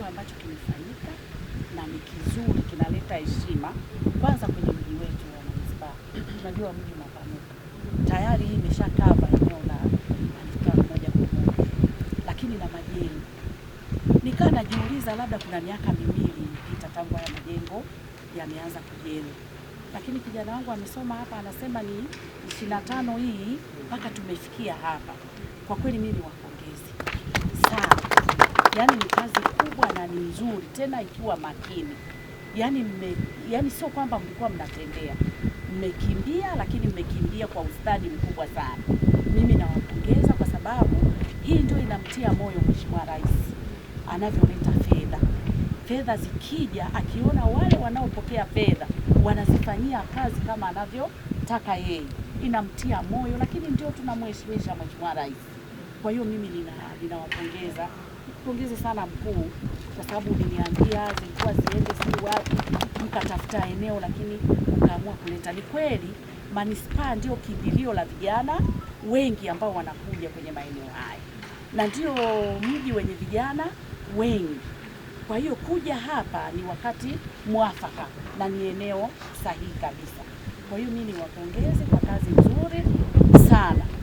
kitu ambacho kimefanyika na ni kizuri, kinaleta heshima kwanza kwenye mji wetu wa manispaa. Tunajua mji unapanuka tayari, hii imeshakava eneo la manispaa moja kwa moja, lakini na majengo nikaa najiuliza, labda kuna miaka miwili ipita tangu haya majengo yameanza kujengwa, lakini kijana wangu amesoma hapa, anasema ni ishirini na tano hii mpaka tumefikia hapa. Kwa kweli mimi niwapongeze sana, yaani ni kazi ni nzuri, tena ikiwa makini. Yani mme, yani sio kwamba mlikuwa mnatembea mmekimbia, lakini mmekimbia kwa ustadi mkubwa sana. Mimi nawapongeza kwa sababu hii ndio inamtia moyo Mheshimiwa Rais anavyoleta fedha. Fedha zikija, akiona wale wanaopokea fedha wanazifanyia kazi kama anavyotaka yeye, inamtia moyo, lakini ndio tunamheshimisha Mheshimiwa Rais. Kwa hiyo mimi ninawapongeza, pongeze sana mkuu, kwa sababu uliniambia zilikuwa ziende si wapi, mkatafuta eneo lakini mkaamua kuleta. Ni kweli manispaa ndio kimbilio la vijana wengi ambao wanakuja kwenye maeneo haya na ndio mji wenye vijana wengi. Kwa hiyo kuja hapa ni wakati mwafaka na ni eneo sahihi kabisa. Kwa hiyo mimi niwapongeze kwa kazi nzuri sana.